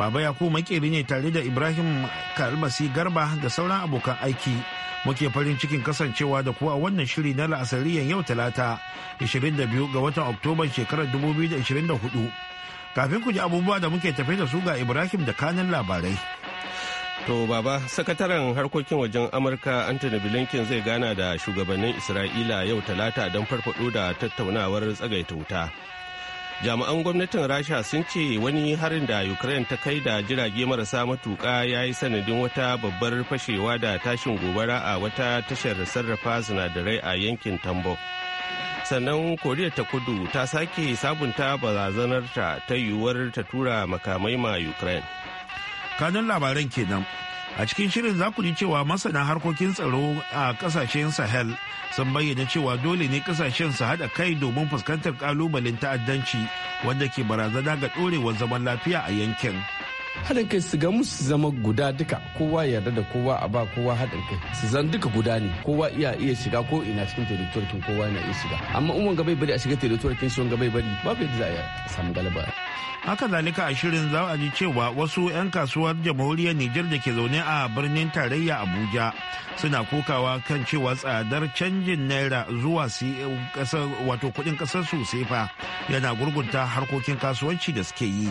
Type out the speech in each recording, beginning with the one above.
Baba Yakubu makeri ne tare da Ibrahim Kalbasi Garba da sauran abokan aiki. Muke farin cikin kasancewa da kuwa wannan shiri na la'asariyan yau talata 22 ga watan Oktoban shekarar 2024. Kafin ku ji abubuwa da muke tafe da su ga Ibrahim da kanin labarai. To baba, sakataren harkokin wajen Amurka Anthony Blinken zai gana da shugabannin Isra'ila yau talata don farfado da tattaunawar tsagaita wuta. jami'an gwamnatin rasha sun ce wani harin da ukraine ta kai da jirage marasa matuka ya yi sanadin wata babbar fashewa da tashin gobara a wata tashar sarrafa sinadarai a yankin Tambo, sannan koriya ta kudu ta sake sabunta barazanarta ta yiwuwar ta tura makamai ma ukraine kanun labaran kenan a cikin shirin za ku ji cewa masana harkokin tsaro a kasashen sahel sun bayyana cewa dole ne kasashen su haɗa kai domin fuskantar kalubalen ta'addanci wanda ke barazana ga ɗorewar zaman lafiya a yankin haɗin kai su gamu su zama guda duka kowa yarda da kowa a ba kowa haɗin kai su zan duka guda ne kowa iya iya shiga ko ina cikin teritorikin kowa yana iya shiga amma in wanga bai bari a shiga teritorikin shi wanga bai bari babu yadda za a samu galaba haka zalika a shirin za a ji cewa wasu 'yan kasuwar jamhuriyar Nijar da ke zaune a birnin tarayya Abuja suna kokawa kan cewa tsadar canjin naira zuwa wato kudin kasar su sefa yana gurgunta harkokin kasuwanci da suke yi.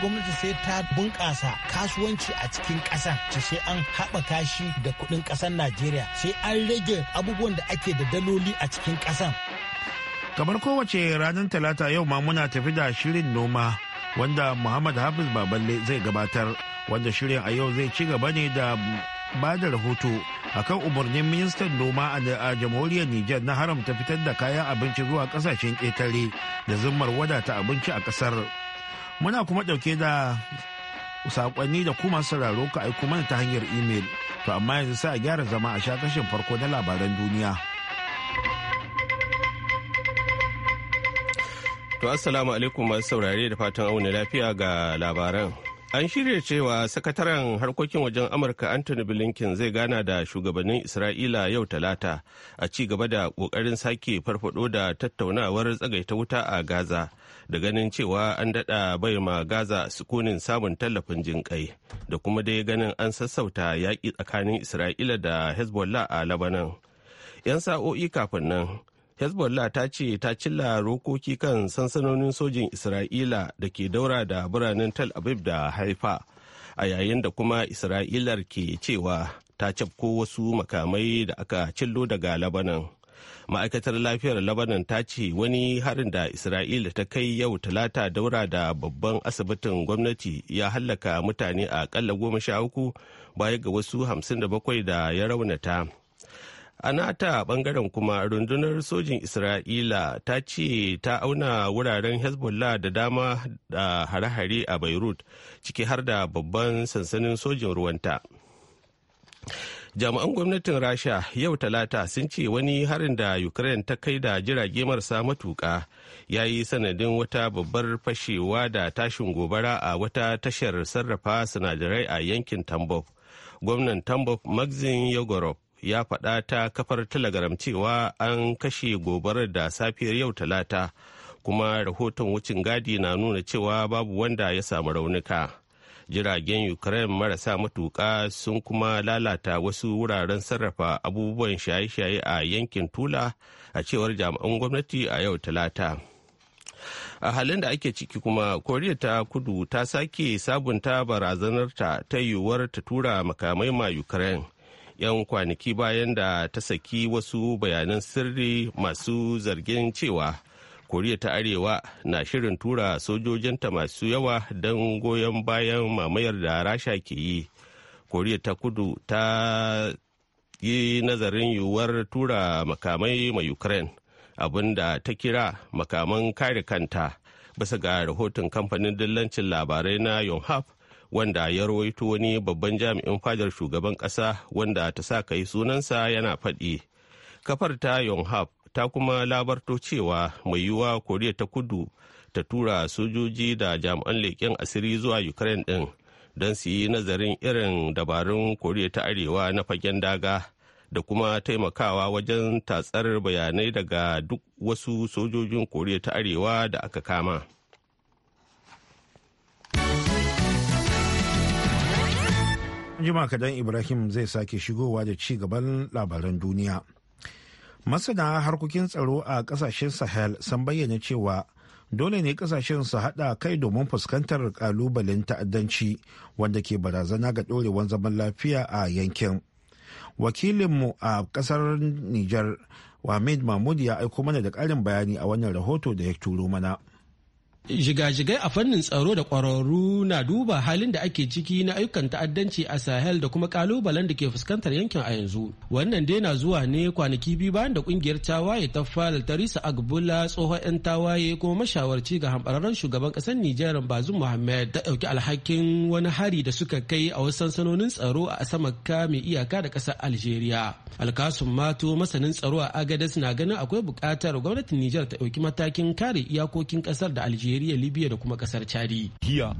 gwamnati sai ta bunkasa kasuwanci a cikin kasan ta sai an haɓaka shi da kuɗin ƙasar najeriya sai an rage abubuwan da ake da daloli a cikin ƙasan kamar kowace ranar talata yau ma muna tafi da shirin noma wanda muhammad hafiz baballe zai gabatar wanda shirin a yau zai ci gaba ne da ba da rahoto akan umarnin ministan noma a jamhuriyar Nijar na haramta fitar da kayan abinci zuwa kasashen ƙetare da zimmar wadata abinci a ƙasar. Muna kuma ɗauke da saƙonni da kuma sauraro ka aiko mana ta hanyar imel. To amma yanzu sai a gyara zama a sha farko na labaran duniya. To assalamu alaikum masu saurare da fatan auna lafiya ga labaran. An shirya cewa sakataren harkokin wajen Amurka Anthony Blinken zai gana da shugabannin Isra'ila yau talata a ci gaba da kokarin sake farfado da tattaunawar tsagaita wuta a Gaza. da ganin cewa an daɗa bai ma gaza sukunin samun tallafin jin kai da kuma dai ganin an sassauta yaƙi tsakanin isra'ila da hezbollah a labanan 'yan sa'o'i kafin nan hezbollah ta ce ta cilla rokoki kan sansanonin sojin isra'ila da ke daura da biranen tel aviv da haifa a yayin da kuma isra'ilar ke cewa ta cafko wasu makamai da aka cillo daga labanan ma'aikatar lafiyar labanan ta ce wani harin da isra'ila ta kai yau talata daura da babban asibitin gwamnati ya hallaka mutane a akalla goma sha uku baya ga wasu hamsin da bakwai da ya raunata a nata bangaren kuma rundunar sojin isra'ila ta ce ta auna wuraren hezbollah da dama da hare-hare a beirut ciki har da babban sansanin sojin ruwanta jami'an gwamnatin rasha yau talata sun ce wani harin da ukraine ta kai da jirage marasa matuka ya yi sanadin wata babbar fashewa da tashin gobara a wata tashar sarrafa sinadarai a yankin tambov gwamnan tambov maxim yogorov ya faɗa ta kafar telegram cewa an kashe gobarar da safiyar yau talata kuma rahoton wucin gadi na nuna cewa babu wanda ya samu raunuka. jiragen ukraine marasa matuka sun kuma lalata wasu wuraren sarrafa abubuwan shaye-shaye a yankin tula a cewar jami'an gwamnati a yau talata a halin da ake ciki kuma koriya ta kudu ta sake sabunta barazanarta ta yiwuwar ta tura makamai ma ukraine yan kwanaki bayan da ta saki wasu bayanan sirri masu zargin cewa koriya ta arewa na shirin tura sojojinta masu yawa don goyon bayan mamayar da rasha ke yi koriya ta kudu ta yi nazarin yiwuwar tura makamai mai ukraine abinda ta kira makaman kare kanta bisa ga rahoton kamfanin dillancin labarai na yonhap wanda ya rawaito wani babban jami'in fadar shugaban ƙasa wanda ta sa ka yi sunansa yana faɗi kafar ta yonhap ta kuma labarto cewa mai yiwuwa koriya ta kudu ta tura sojoji da jami'an leƙen asiri zuwa ukraine ɗin don su yi nazarin irin dabarun koriya ta arewa na fagen daga da kuma taimakawa wajen tatsar bayanai daga duk wasu sojojin koriya ta arewa da aka kama jima kadan ibrahim zai sake shigowa da ci gaban labaran duniya masana harkokin tsaro a kasashen sahel sun bayyana cewa dole ne kasashen su haɗa kai domin fuskantar kalubalen ta'addanci wanda ke barazana ga ɗorewan zaman lafiya a yankin wakilinmu a ƙasar Nijar Wahmed mahmud ya aiko mana da ƙarin bayani a wannan rahoto da ya turo mana. Jigajigai a fannin tsaro da kwararru na duba halin da ake ciki na ayyukan ta'addanci a Sahel da kuma kalubalen da ke fuskantar yankin a yanzu. Wannan dai na zuwa ne kwanaki biyu bayan da kungiyar tawaye ta fara Tarisa Agbula tsohon 'yan tawaye kuma mashawarci ga hambararren shugaban ƙasar Nijar Bazum muhammed ta ɗauki alhakin wani hari da suka kai a wasu sansanonin tsaro a Asamaka mai iyaka da ƙasar Algeria. Alkasun Mato masanin tsaro a Agadez na ganin akwai buƙatar gwamnatin Nijar ta ɗauki matakin kare iyakokin ƙasar da Algeria. Najeriya, Libya da kuma kasar Chadi. Hiya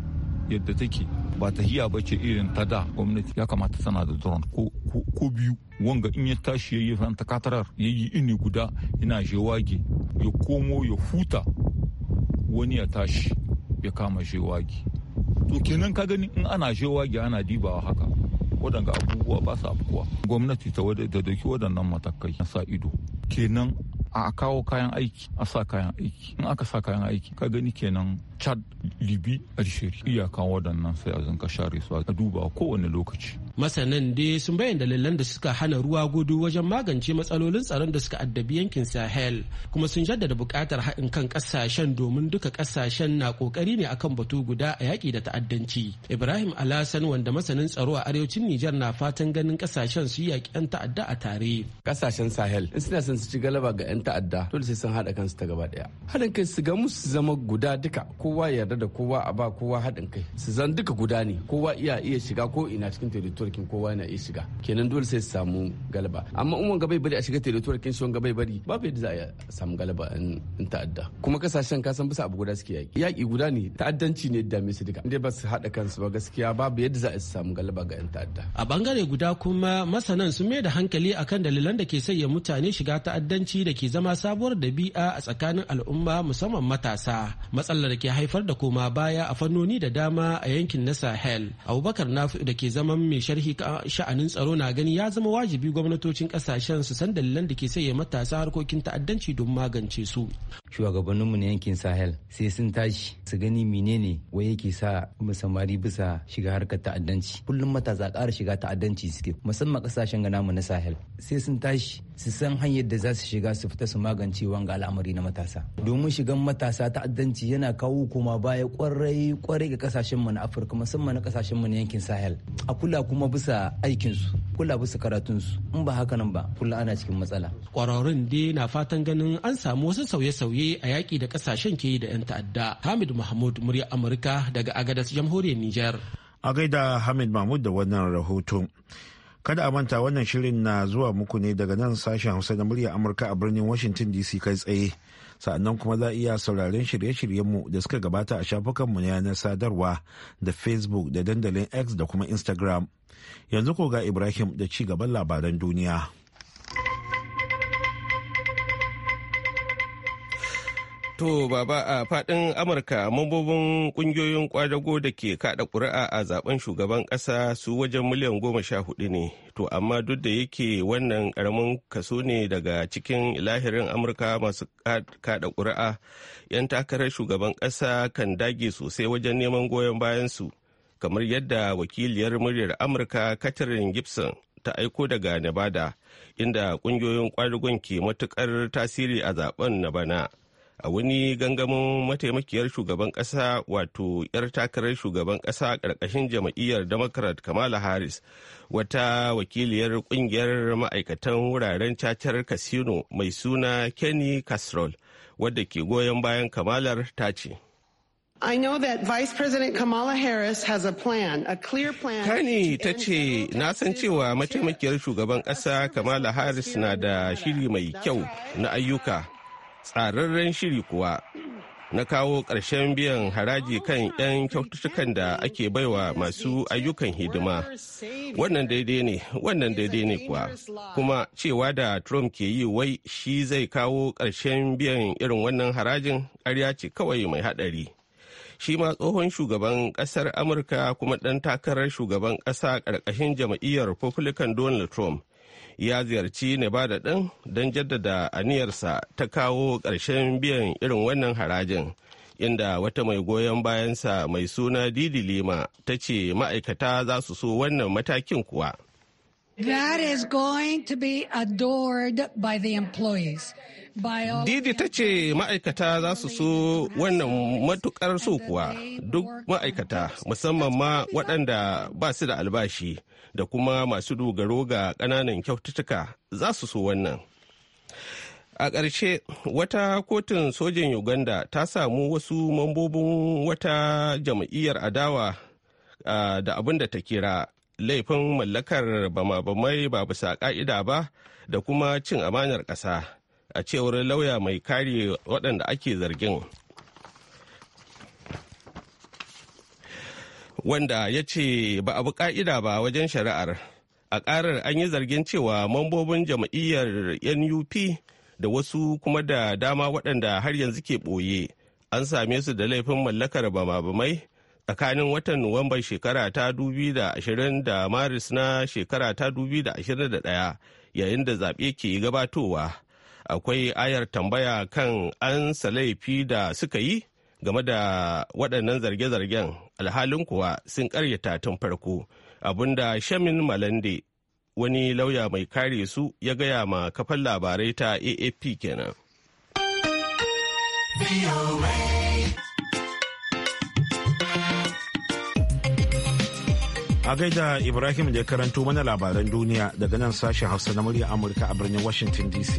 yadda take ba ta hiya ba ce irin ta da gwamnati ya kamata tana da drone ko biyu wanga in ya tashi ya yi ranta katarar ya yi ini guda yana shewage ya komo ya huta wani ya tashi ya kama shewage to kenan ka gani in ana shewage ana dibawa haka waɗanga abubuwa ba su afkuwa gwamnati ta da doki waɗannan matakai na sa ido kenan a kawo kayan aiki a sa kayan aiki in aka sa kayan aiki ka gani kenan chad libi alsheri iyakan waɗannan sai a zanka share su a duba kowane lokaci masanan dai sun bayyana dalilan da suka hana ruwa gudu wajen magance matsalolin tsaron da suka addabi yankin sahel kuma sun jaddada buƙatar haɗin kan ƙasashen domin duka ƙasashen na ƙoƙari ne akan batu guda a yaƙi da ta'addanci ibrahim alasan wanda masanin tsaro a arewacin niger na fatan ganin ƙasashen su yaki 'yan ta'adda a tare ƙasashen sahel in suna son su ci galaba ga 'yan ta'adda dole sai sun haɗa kansu ta gaba ɗaya haɗin kai su ga su zama guda duka kowa yarda da kowa a ba kowa haɗin kai su zan duka guda ne kowa iya iya shiga ko ina cikin territory teletworking kowa na iya shiga kenan dole sai su samu galaba amma in wanga bai bari a shiga teritoriyar kin shon bai bari babu yadda za a samu galaba in ta'adda kuma kasashen kasan bisa abu guda suke yaki yaki guda ne ta'addanci ne da su duka inda ba su haɗa kansu ba gaskiya babu yadda za a samu galaba ga in ta'adda a bangare guda kuma masanan sun mai da hankali akan dalilan da ke sanya mutane shiga ta'addanci da ke zama sabuwar dabi'a a tsakanin al'umma musamman matasa matsalar da ke haifar da koma baya a fannoni da dama a yankin na sahel abubakar nafi da ke zaman mai ka sha'anin tsaro na gani ya zama wajibi gwamnatocin kasashen su san dalilan da ke sanya matasa harkokin ta'addanci don magance su shugabanninmu na yankin sahel sai sun tashi su gani menene wai yake sa samari bisa shiga harkar ta'addanci kullum matasa ƙara shiga ta'addanci suke musamman kasashen gana mu na sahel sai sun tashi su san hanyar da za su shiga su fita su magance wanga al'amari na matasa domin shigan matasa ta'addanci yana kawo kuma baya kwarai kwarai ga kasashen mu na afirka musamman na kasashen mu na yankin sahel a kula kuma bisa aikin su kula bisa karatun su in ba haka nan ba kula ana cikin matsala kwararrun dai na fatan ganin an samu wasu sauye-sauye a yaki da kasashen ke da yan ta'adda hamid mahmud murya amurka daga agadas jamhuriyar niger a gaida hamid mahmud da wannan rahoton Kada a manta wannan shirin na zuwa muku ne daga nan sashen Hausa na murya Amurka a birnin Washington DC kai tsaye. Sa'annan kuma za a iya sauraren shirye-shiryenmu da suka gabata a shafukanmu na yanar sadarwa da Facebook da dandalin X da kuma Instagram. Yanzu ko ga Ibrahim da ci gaban labaran duniya. To baba a fadin Amurka mambobin kungiyoyin kwadago da ke kada kuri'a a zaben shugaban ƙasa su wajen miliyan goma sha hudu ne. To amma duk da yake wannan karamin kaso ne daga cikin lahirin Amurka masu kada ƙuri'a 'yan takarar shugaban ƙasa kan dage sosai wajen neman goyon bayan su. Kamar yadda wakiliyar muryar Amurka Catherine Gibson ta aiko daga Nevada, inda ƙungiyoyin kwadagon ke matukar tasiri a zaben na bana. a wani gangamin mataimakiyar shugaban kasa wato 'yar takarar shugaban kasa karkashin jam'iyyar democrat kamala harris wata wakiliyar kungiyar ma'aikatan wuraren cacar casino mai suna kenny castrol wadda ke goyon bayan kamalar ta ce I know that Vice President Kamala Harris has a plan, a clear plan. Kani ta ce, na san cewa mataimakiyar shugaban ƙasa Kamala Harris na da shiri mai kyau na ayyuka tsararren shiri kuwa na kawo ƙarshen biyan haraji kan 'yan kyaututtukan da ake baiwa masu ayyukan hidima wannan daidai ne wannan daidai ne kuwa kuma cewa da trump ke yi wai shi zai kawo ƙarshen biyan irin wannan harajin ƙarya ce kawai mai haɗari shi ma tsohon shugaban ƙasar amurka kuma ɗan takarar shugaban ƙasa ƙarƙashin jam'iyyar republican donald trump ya ziyarci nevada ɗin don jaddada aniyarsa ta kawo ƙarshen biyan irin wannan harajin inda wata mai goyon bayansa mai suna didi lima ta ce ma'aikata za su so wannan matakin kuwa is going to be by the employees. Didi ta ce ma'aikata za su so wannan matukar so kuwa duk ma'aikata musamman ma waɗanda ba su da albashi da kuma masu dogaro ga ƙananan kyaututtuka za su so wannan. A ƙarshe wata kotun sojin Uganda ta samu wasu mambobin wata jam'iyyar adawa da abin da ta kira laifin mallakar bama-bamai ba bisa ƙa'ida ba da kuma cin amanar ƙasa a cewar lauya mai kare waɗanda ake zargin. wanda ya ce ba abu ka'ida ba wajen shari'ar a karar an yi zargin cewa mambobin jam'iyyar nup da wasu kuma da dama waɗanda har yanzu ke ɓoye an same su da laifin mallakar bama-bamai tsakanin watan nuwamban shekara ta 2020 da maris na shekara ta 2021 yayin da zaɓe ke gabatowa akwai ayar tambaya kan an laifi da suka yi game da waɗannan zarge-zargen alhalin kuwa sun karyata tun farko abinda shamin malande wani lauya mai kare su ya gaya ma kafan labarai ta aap kenan a gaida ibrahim da ya karanto mana labaran duniya daga nan sashen hausa na murya amurka a birnin washington dc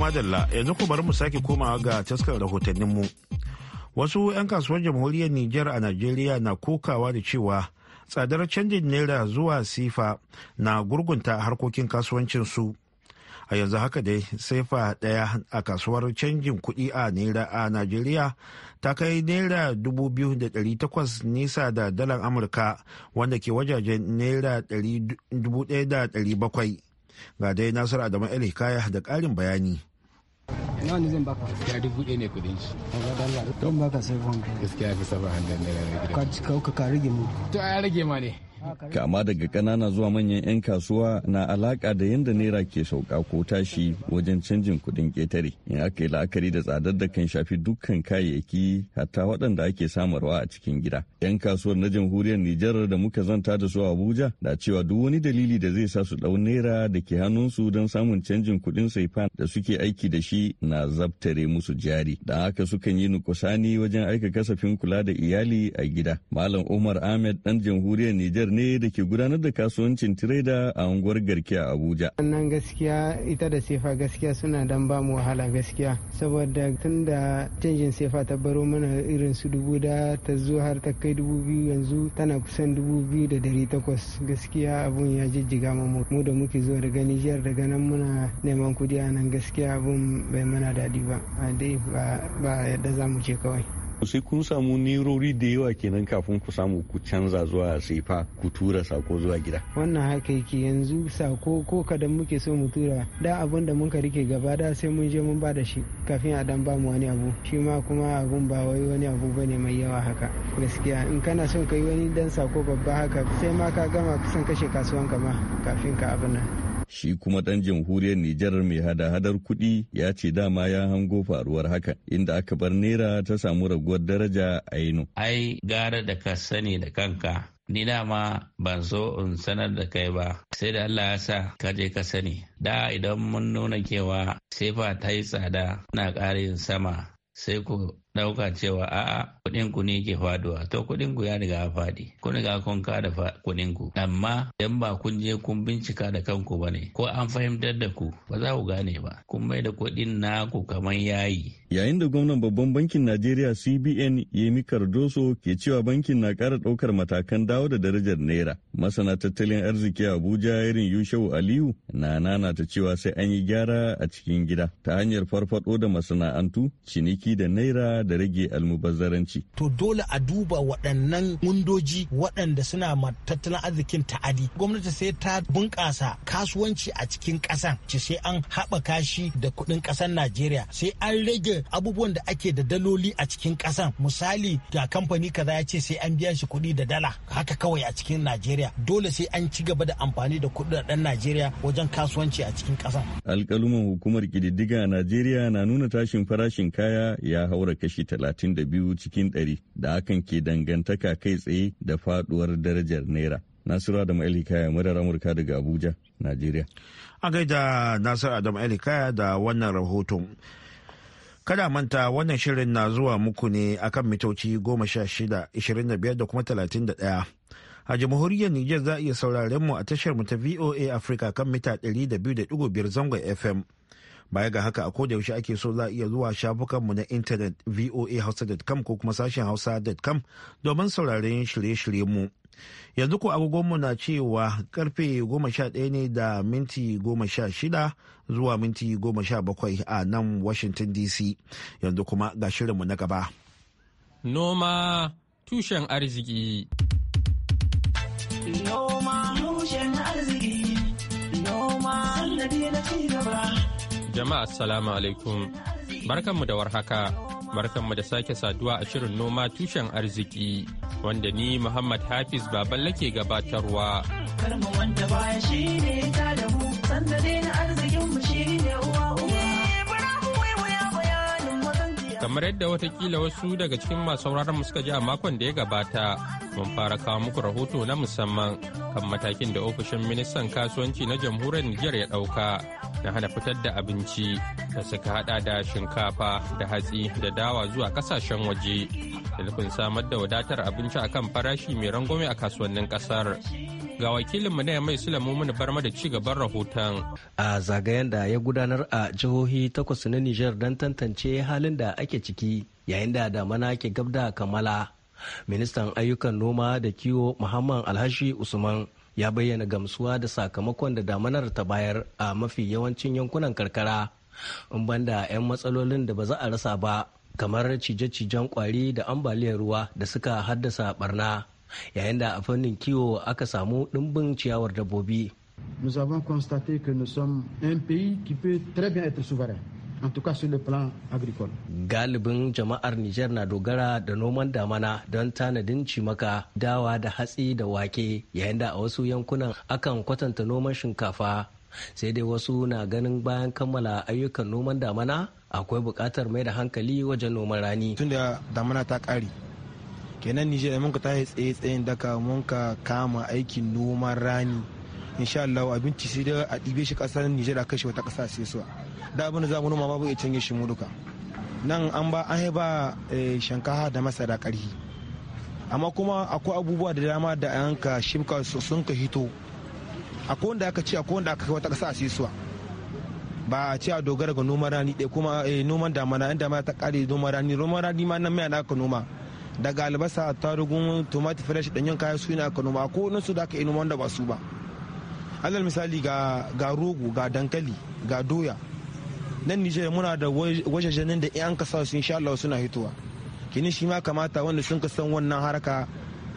madalla yanzu ku bari mu sake komawa ga taskar mu Wasu 'yan kasuwar jamhuriyar Nijar a Najeriya na kokawa da cewa tsadar canjin naira zuwa sifa na gurgunta harkokin kasuwancinsu. A yanzu haka dai sifa ɗaya a kasuwar canjin kuɗi a naira a Najeriya ta kai naira 2,800 nisa da dalar Amurka wanda ke wajajen naira 1,700. ga dai nasiru adamu el hikaya da ƙarin bayani nawa ne zan baka ya dubu ɗaya ne kuɗin shi don baka sai fanka gaskiya fi saba hannun naira ka rage mu to a rage ma ne kama daga ƙanana zuwa manyan 'yan kasuwa na alaƙa da yadda naira ke sauka ko tashi wajen canjin kuɗin ƙetare in aka yi la'akari da tsadar da kan shafi dukkan kayayyaki hatta waɗanda ake samarwa a cikin gida 'yan kasuwar na jamhuriyar nijar da muka zanta da su a abuja da cewa duk wani dalili da zai sa su ɗau naira da ke hannunsu don samun canjin kuɗin saifan da suke aiki da shi na zabtare musu jari da haka sukan yi nukusani wajen aika kasafin kula da iyali a gida malam umar ahmed ɗan jamhuriyar nijar ne da ke gudanar da kasuwancin tireda a unguwar garki a Abuja. Wannan gaskiya ita da sefa gaskiya suna dan ba mu wahala gaskiya saboda tun da canjin sefa ta baro mana irin su dubu da ta zo har ta kai dubu biyu yanzu tana kusan dubu biyu da dari takwas gaskiya abun ya jijjiga mu mu da muke zuwa daga Nijar daga nan muna neman kudi a nan gaskiya abun bai mana daɗi ba a dai ba yadda za mu ce kawai. sai kun samu nerori da yawa kenan kafin ku samu ku canza zuwa sefa ku tura sako zuwa gida wannan haka yake yanzu sako ko kadan muke so mu tura da abun da muka rike gaba da sai mun je mun ba da shi kafin a dan ba mu wani abu shi ma kuma abun ba wai wani abu bane mai yawa haka gaskiya in kana son kai wani dan sako babba haka sai ma ka gama kusan kashe kasuwanka ma kafin ka abin nan Shi kuma ɗan jamhuriyar Nijar mai hada-hadar kuɗi ya ce dama ya hango faruwar haka inda aka bar naira ta samu raguwar daraja a yino. Ai gara da ka sani da kanka ni dama ban so in sanar da kai ba sai da Allah ya sa ka je ka sani da idan mun nuna kewa sai fa ta yi tsada na ƙarin sama sai ku dauka cewa a'a kuɗin ku ne ke faduwa to kuɗin ku ya riga ya faɗi kun riga kun ka da kuɗin ku amma idan ba kun je kun bincika da kanku ba ne ko an fahimtar da ku ba za ku gane ba kun mai da na ku kamar yayi. Yayin da gwamnan babban bankin Najeriya CBN Yemi Cardoso ke cewa bankin na ƙara ɗaukar matakan dawo da darajar naira masana tattalin arziki Abuja irin Yushau Aliyu na nana ta cewa sai an yi gyara a cikin gida ta hanyar farfaɗo da masana'antu ciniki da naira da rage almubazzaranci. To dole a duba waɗannan mundoji waɗanda suna tattalin arzikin ta'adi. Gwamnati sai ta bunƙasa kasuwanci a cikin ƙasan ce sai an haɓa kashi da kuɗin ƙasar Najeriya sai an rage abubuwan da ake da daloli a cikin ƙasan misali da kamfani kaza ya ce sai an biya shi kuɗi da dala haka kawai a cikin Najeriya dole sai an ci gaba da amfani da ɗan Najeriya wajen kasuwanci a cikin ƙasan. Alƙaluman hukumar ƙididdiga a Najeriya na nuna tashin farashin kaya ya haura kashi kashi 32 cikin 100 da hakan ke dangantaka kai tsaye da faduwar darajar naira. Nasiru Adam Elikaya murar Amurka daga Abuja, Najeriya. A gaida Nasiru Adam Elikaya da wannan rahoton. Kada manta wannan shirin na zuwa muku ne akan mitoci 16, 25 da kuma 31. a jamhuriyar Nijar za a iya sauraren mu a tashar mu ta VOA Africa kan mita 200.5 zangon FM. baya ga haka a koda yaushe ake so za a iya zuwa shafukanmu na intanet voahausa.com ko kuma sashen hausa.com domin sauraren shirye shirye mu yanzu ko agogonmu na cewa karfe 11 ne da minti 16 zuwa minti 17 a nan washington dc yanzu kuma ga shirinmu na gaba noma tushen arziki noma tushen arziki noma sannadi na ci Jama'a assalamu alaikum. mu da warhaka. Barkanmu da sake saduwa a shirin noma tushen arziki wanda ni Muhammad Hafiz baban lake gabatarwa. wanda baya shi ne ta da mu, sanda na arzikin mu shi ne kamar yadda watakila wasu daga cikin masu sauraron suka ji a makon da ya gabata mun fara kawo muku rahoto na musamman kan matakin da ofishin ministan kasuwanci na jamhuriyar nijar ya ɗauka na hana fitar da abinci da suka hada da shinkafa da hatsi da dawa zuwa kasashen waje da nufin samar da wadatar abinci akan farashi mai rangwame a kasuwannin kasar Ga wakilinmu na mai Sulaimu mana bar da ci gaban rahoton. A zagayen da ya gudanar a jihohi takwas na Nijar don tantance halin da ake ciki yayin da damana ke gabda da kammala. Ministan ayyukan noma da kiwo Muhammad Alhashi Usman ya bayyana gamsuwa da sakamakon da damanar ta bayar a mafi yawancin yankunan karkara. In banda 'yan matsalolin da ba za a rasa ba kamar cije-cijen kwari da ambaliyar ruwa da suka haddasa barna. yayin da a fannin kiwo aka samu ɗimbin ciyawar dabbobi. Nous avons constaté que nous sommes un pays qui peut très bien être souverain. en tout cas sur le plan agricole. Galibin jama'ar Nijar na dogara da noman damana don tanadin cimaka, dawa da hatsi da wake yayin da a wasu yankunan akan kwatanta noman shinkafa. Sai dai wasu na ganin bayan kammala ayyukan noman damana akwai bukatar mai da hankali wajen noman rani. Tunda damana ta kare kenan nijar mun ka tashi tsaye tsayin daka mun ka kama aikin noman rani insha Allah abinci sai da a ɗibe shi ƙasar nijar a kashe wata ƙasa sai suwa da abin da za mu noma babu ya canje shi mu duka nan an ba an ba eh, shankaha da masara ƙarhi amma kuma akwai abubuwa da dama da an ka shimka sun ka hito akwai wanda aka ce akwai wanda aka kai wata ƙasa a sai suwa ba a ce a dogara ga noman rani ɗaya kuma eh, noman damana inda ma ta ƙare noman rani noman rani ma nan mai aka noma daga albasa tarugun tomato fresh da kaya su ne aka noma ko nan su da aka yi wanda ba su ba alal misali ga ga rogo ga dankali ga doya nan Nijar muna da wajajenin da in kasa su insha Allah suna hitowa kini shi ma kamata wanda sun san wannan haraka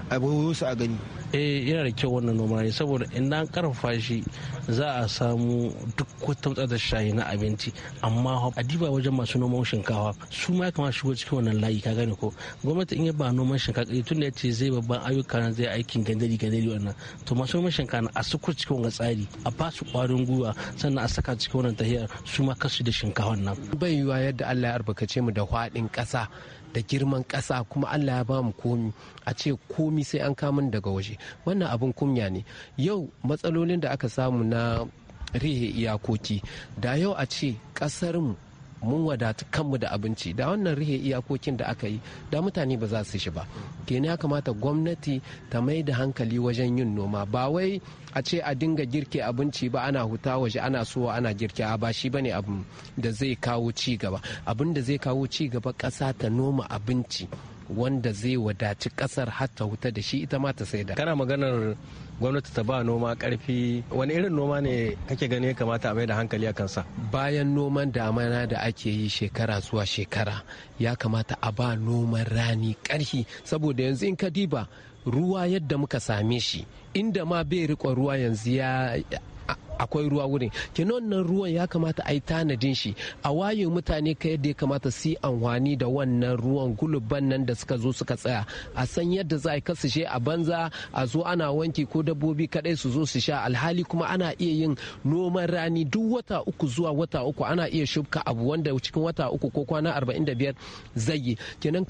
a su a gani eh yana da kyau wannan noma ne saboda in an karfafa shi za a samu duk wata matsalar shayi na abinci amma a diba wajen masu noman shinkafa su ma kama shigo cikin wannan layi ka gane ko gwamnati in ya ba noman shinkafa tun da ya ce zai babban ayyuka na zai aikin gandari gandari wannan to masu noman shinkafa a suku cikin wannan tsari a ba su kwarin gwiwa sannan a saka cikin wannan tahiyar su ma kasu da shinkafa nan bai yiwa yadda Allah ya albarkace mu da hwadin kasa da girman ƙasa kuma allah ya bamu mu komi a ce komi sai an kamun daga waje wannan abin kunya ne yau matsalolin da aka samu na rihe iyakoki da yau a ce ƙasarmu mun wadatu kanmu da abinci da wannan rihe iyakokin da aka yi da mutane ba za su shi ba kenan ya kamata gwamnati ta mai da hankali wajen yin noma ba wai a ce a dinga girke abinci ba ana huta waje ana sowa ana girke a ba shi bane abin da zai kawo ci gaba abin da zai kawo ci gaba ƙasa ta noma abinci wanda zai wadaci ƙasar har huta da shi ita ma ta da kana maganar gwamnati ta ba noma karfi wani irin noma ne kake gani ya kamata a mai da hankali a kansa bayan noman damana da ake yi shekara zuwa shekara ya kamata a ba noman rani karfi saboda yanzu in ka diba ruwa yadda muka same shi inda ma bai rikon ruwa yanzu ya akwai ruwa wurin kenan wannan ruwan ya kamata a yi tanadin shi a waye mutane ka yadda ya kamata su yi amfani da wannan ruwan guluban nan da suka zo suka tsaya a san yadda za a kasashe a banza a zo ana wanki ko dabbobi kadai su zo su sha alhali kuma ana iya yin noman rani duk wata uku zuwa wata uku ana iya shubka abu wanda cikin wata uku ko kwana arba'in da biyar zai yi kenan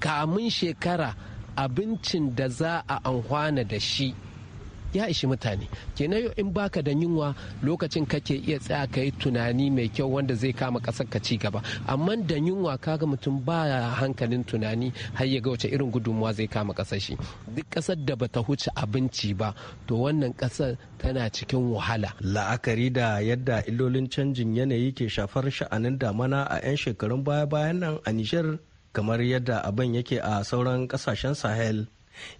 kamun shekara abincin da za a amfana da shi ya ishi mutane kenan yau in baka da yunwa lokacin kake iya tsaya ka yi tunani mai kyau wanda zai kama kasar ka ci gaba amma da yunwa kaga mutum ba hankalin tunani har ya ga wace irin gudunmuwa zai kama kasar shi duk ƙasar da bata huce abinci ba to wannan kasar tana cikin wahala la'akari da yadda illolin canjin yanayi ke shafar sha'anin damana a 'yan shekarun baya-bayan nan a nijar kamar yadda abin yake a sauran kasashen sahel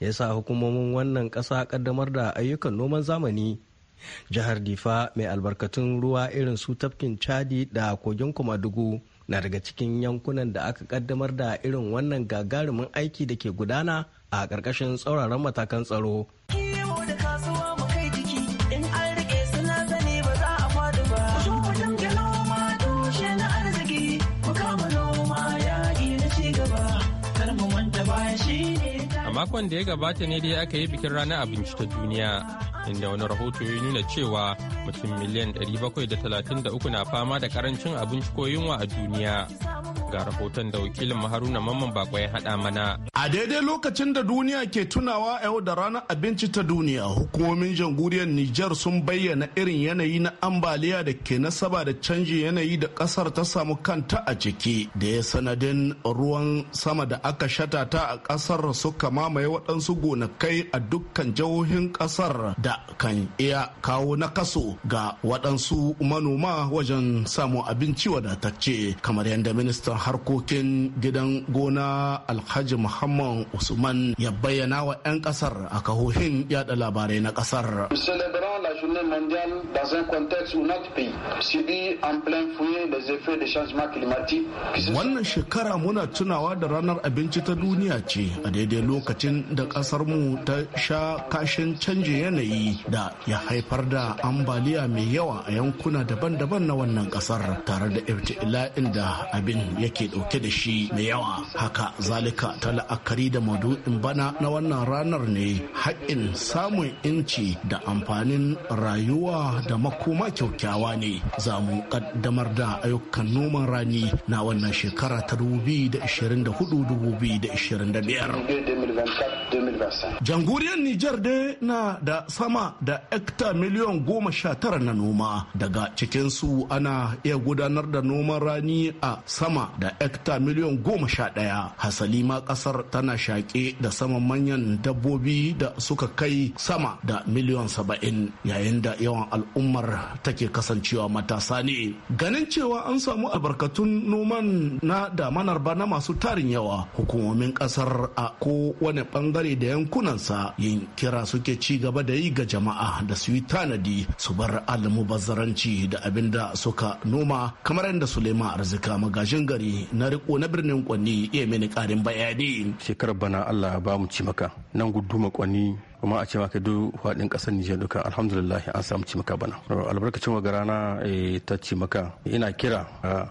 ya sa hukumomin wannan ƙasa ƙaddamar da ayyukan noman zamani jihar difa mai albarkatun ruwa irin su tafkin chadi da kogin kumadugu na daga cikin yankunan da aka ƙaddamar da irin wannan gagarumin aiki da ke gudana a ƙarƙashin tsauraran matakan tsaro. makon da ya gabata ne dai aka yi bikin ranar abinci ta duniya inda wani rahoto ya nuna cewa mutum miliyan 733 na fama da karancin abinci ko yunwa a duniya. Ga rahoton da wakilin Haruna Mamman Bako ya hada mana. A daidai lokacin da duniya ke tunawa yau da ranar abinci ta duniya, hukumomin jamhuriyar Nijar sun bayyana irin yanayi na ambaliya da ke nasaba da canji yanayi da kasar ta samu kanta a ciki da ya sanadin ruwan sama da aka shata ta a ƙasar suka mamaye waɗansu gonakai a dukkan jihohin kasar da kan iya kawo na kaso ga waɗansu manoma wajen samun abinci wadatacce kamar yadda ministan harkokin gidan gona alhaji muhammad usman ya bayyana wa 'yan ƙasar a kahohin yada labarai na ƙasar. journée mondiale dans un contexte où notre pays subit en plein fouet les effets des changements climatiques. Wannan shekara muna tunawa da ranar abinci ta duniya ce a daidai lokacin da kasar mu ta sha kashin canje yanayi da ya haifar da ambaliya mai yawa a yankuna daban-daban na wannan kasar tare da ibtila'in da abin yake dauke da shi mai yawa haka zalika ta la'akari da madu'in bana na wannan ranar ne haƙƙin samun inci da amfanin rayuwa da makoma kyaukyawa ne za mu kaddamar da ayyukan noman rani na wannan shekara ta 2024-2025 janguriyar nijar dai na da sama da ekta miliyon goma sha tara na noma daga cikinsu ana iya gudanar da noman rani a sama da ekta miliyon goma sha ɗaya hasali ma kasar tana shaƙe da saman manyan dabbobi da suka kai sama da miliyon saba'in yayin yayin da yawan al'ummar take kasancewa matasa ne ganin cewa an samu albarkatun noman na damanar na masu tarin yawa hukumomin kasar a kowane bangare da yankunansa yin kira suke ci gaba da yi ga jama'a da su yi tanadi su bar almubazzaranci da abin da suka noma kamar yadda Suleiman Arzika magajin gari na riko na birnin Kwanni iya mini karin bayani. Shekarar bana Allah ba mu ci maka nan guduma Kwanni kuma a ce maka duk faɗin ƙasar Nijar duka alhamdulillah an samu maka bana. Albarkacin waga rana eh, ta cimaka ina kira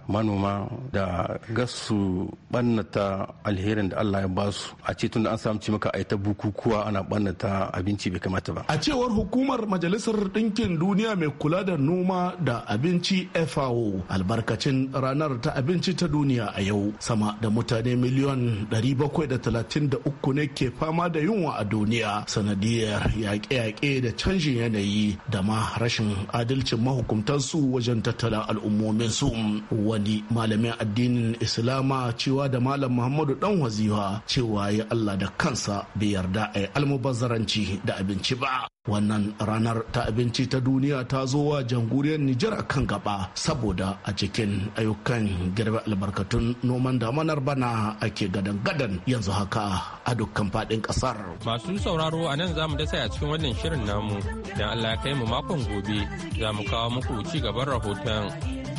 manoma da gasu bannata alherin da Allah ya ba su a ce tun da an samu cimaka a ta bukukuwa ana bannata abinci bai kamata ba. A cewar hukumar Majalisar Ɗinkin Duniya mai kula da noma da abinci FAO albarkacin ranar ta abinci ta duniya a yau sama da mutane miliyon 733 ne ke fama da yunwa a duniya sanadiyar sanadiyar yaƙe-yaƙe da canjin yanayi da ma rashin adalcin mahukuntansu wajen tattalin al'ummominsu wani malamin addinin islama cewa da malam muhammadu dan waziwa cewa ya allah da kansa bai yarda a yi almubazzaranci da abinci ba wannan ranar ta abinci ta duniya ta zo wa jamhuriyar nijar a kan gaba saboda a cikin ayyukan girbe albarkatun noman damanar bana ake gadan-gadan yanzu haka a dukkan faɗin ƙasar masu sauraro a nan zamu dasa a cikin wannan shirin namu dan allah ya kai mu makon gobe za mu kawo muku ci gaban rahoton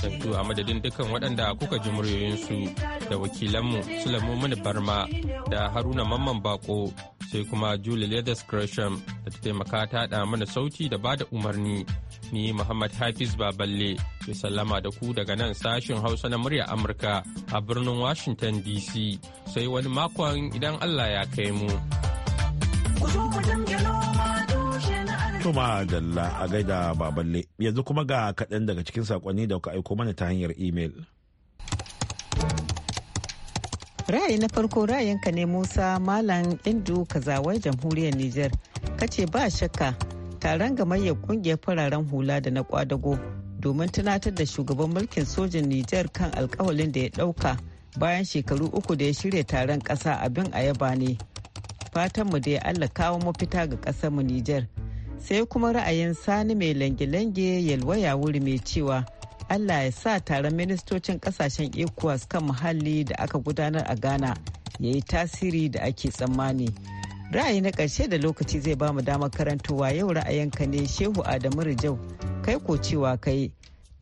yanzu a madadin dukkan waɗanda kuka ji muryoyinsu da wakilanmu sulamu mini barma da haruna mamman bako sai kuma Julie Leathers Gresham da ta taimaka ta da mana sauti da bada umarni. Ni Muhammad Hafiz Baballe ke sallama da ku daga nan sashin Hausa na murya Amurka a birnin Washington DC sai wani makon idan Allah ya kai mu. kuma Dalla a gaida Baballe yanzu kuma ga kaɗan daga cikin saƙonni da kuka aiko mana ta hanyar imel. Ra'ayi na farko ra'ayinka ne Musa Malam Indu Kazawai Jamhuriyar Nijar. Kace ba shakka taron gamayyar kungiyar fararen hula da na kwadago domin tunatar da shugaban mulkin sojin Nijar kan alkawalin da ya dauka bayan shekaru uku da ya shirya taron kasa abin a yaba ne. Fatanmu da ya Allah kawo mafita ga kasar mu Nijar. Sai kuma ra'ayin Sani mai lange-lange yalwaya wuri mai cewa Allah ya sa taron ministocin kasashen ECOWAS kan muhalli da aka gudanar a Ghana ya yi tasiri da ake tsammani. Ra'ayi na ƙarshe da lokaci zai ba mu damar karantowa yau ka ne Shehu Adamu Rijau kai ko cewa kai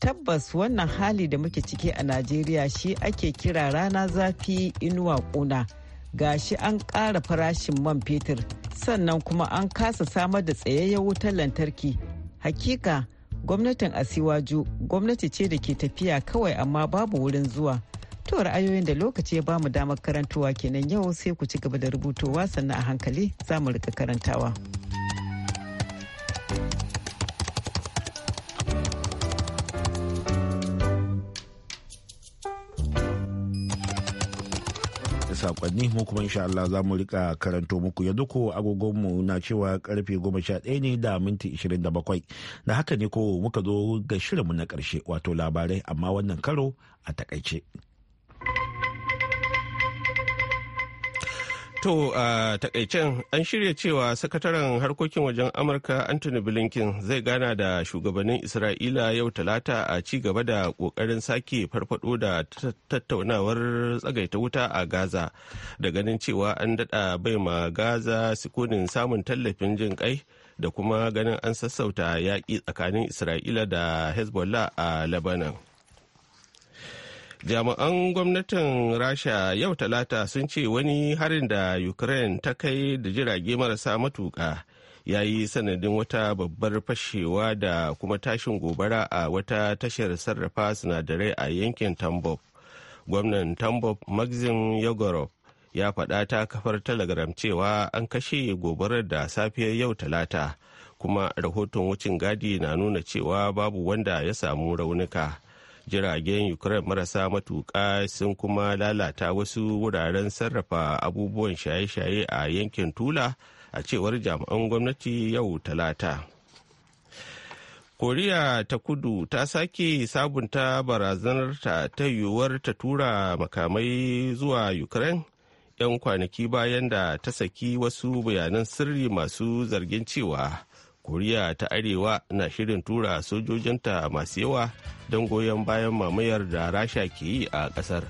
tabbas wannan hali da muke ciki a Najeriya shi ake kira rana zafi inuwa ƙuna. gashi an ƙara farashin man fetur sannan kuma an kasa samar da tsayayyen wutar lantarki hakika gwamnatin asiwaju gwamnati ce da ke tafiya kawai amma babu wurin zuwa to ra'ayoyin da lokaci ya bamu damar karantowa kenan yau sai ku ci gaba da rubutowa sannan a hankali za mu rika karantawa. sakonni mu kuma insha Allah za mu rika karanto muku yanzu ko agogon mu na cewa karfe 11 ne da minti 27 da haka ne ko muka zo ga shirinmu na karshe wato labarai amma wannan karo a takaice. To a takaicen an shirya cewa sakataren harkokin wajen Amurka Anthony Blinken zai gana da shugabannin Isra'ila yau talata a ci gaba da kokarin sake farfado da tattaunawar tsagaita wuta a Gaza da ganin cewa an dada bai ma Gaza sikunin samun tallafin jin kai da kuma ganin an sassauta yaƙi tsakanin Isra'ila da Hezbollah a Lebanon. jami'an gwamnatin rasha yau talata sun ce wani harin da ukraine ta kai da jirage marasa matuka ya yi sanadin wata babbar fashewa da kuma tashin gobara a wata tashar sarrafa sinadarai a yankin tambov gwamnan tambov maxim yagorov ya faɗa ta kafar telegram cewa an kashe gobarar da safiyar yau talata kuma rahoton wucin gadi na nuna cewa babu wanda ya samu raunuka. jiragen ukraine marasa matuƙa sun kuma lalata wasu wuraren sarrafa abubuwan shaye-shaye a yankin tula a cewar jami'an gwamnati yau talata koriya ta kudu ta sake sabunta barazanar ta ta yiwuwar ta tura makamai zuwa ukraine yan kwanaki bayan da ta saki wasu bayanan sirri masu zargin cewa koriya ta arewa na shirin tura sojojinta masu yawa don goyon bayan mamayar da rasha ke yi a kasar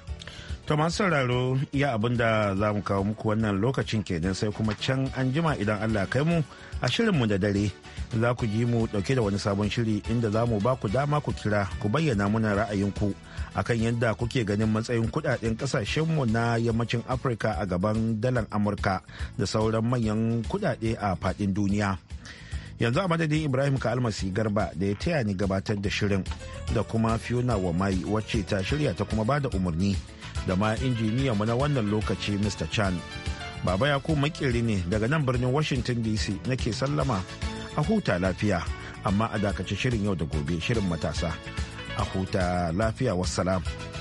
ta masu sauraro iya abin da za mu kawo muku wannan lokacin kenan sai kuma can an jima idan allah kai mu a shirinmu da dare za ku ji mu dauke da wani sabon shiri inda za mu ba ku dama ku kira ku bayyana muna ra'ayinku akan yadda kuke ganin matsayin kudaden kasashenmu na yammacin afirka a gaban dalar amurka da sauran manyan kudade a fadin duniya yanzu a madadin ibrahim ka almasi garba da ya taya ni gabatar da shirin da kuma fiona wa mai wacce ta shirya ta kuma bada umarni da ma injiniya mu na wannan lokaci mr chan baba ya ku makiri ne daga nan birnin washington dc nake sallama a huta lafiya amma a dakace shirin yau da gobe shirin matasa a huta lafiya wassalam.